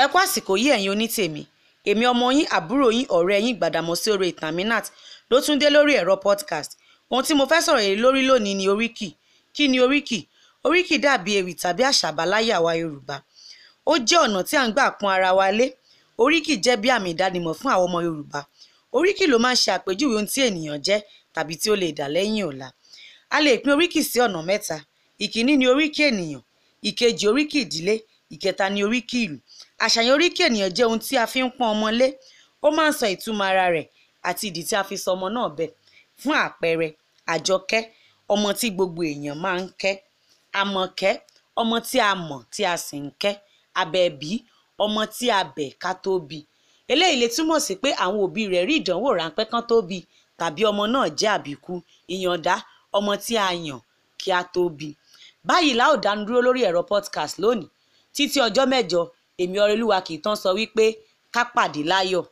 ẹ kú àsìkò yìí ẹ̀yin onítèmi èmi ọmọ yín àbúrò yín ọ̀rẹ́ yín Gbàdàmọ́sí Oore Ìtàmínàt ló tún dé lórí ẹ̀rọ podcast ohun tí mo fẹ́ sọ̀rọ̀ yìí lórí lónìí ni oríkì kí ni oríkì oríkì dàbí ewì tàbí àṣàbà láyé àwa Yorùbá ó jẹ́ ọ̀nà tí à ń gbà pọ́n ara wa lé oríkì jẹ́ bí àmì ìdánimọ̀ fún àwọn ọmọ Yorùbá oríkì ló máa ń ṣe àpèjúwe ohun tí ènìyàn jẹ́ tàbí tí ó lè dà lẹ́yìn ọ̀la a lè pín oríkì sí ọ̀nà mẹ́ta ìkíní ni oríkì ènìyàn ìkejì oríkì ìdílé ìkẹta ni oríkì ìlú àṣàyàn oríkì ènìyàn jẹ́ ohun tí a fi ń pọ́n ọmọ lé ó máa ń sọ ìtumọ̀ ara rẹ̀ àti ìdí tí a fi sọ ọmọ náà bẹ́ẹ̀ fún àpẹẹrẹ àjọkẹ́ ọmọ tí gbogbo èèyàn máa ń kẹ́ àmọ̀kẹ́ ọmọ tí a mọ̀ tí a sì ń kẹ́ abẹ́bí ọmọ tí a bẹ̀ ká tó bí eléyìí lè túmọ̀ sí pé àwọn òbí rẹ̀ rí ìdánwò ráńpẹ́ kan tó bí tàbí ọmọ náà jẹ́ àbíkú ìyọ̀ǹda ọmọ tí a yàn kí a tó bí báyìí la dánu dúró lórí ẹ̀rọ podcast lónìí títí ọjọ́ mẹ́jọ èmi Ọrẹlúwa kì í tán sọ wípé ká pàdé láyọ̀